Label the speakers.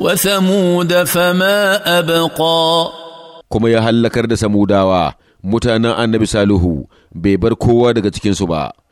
Speaker 1: وثمود فما أبقى kuma ya hallakar da samudawa mutanen annabi salihu bai bar kowa daga cikin su ba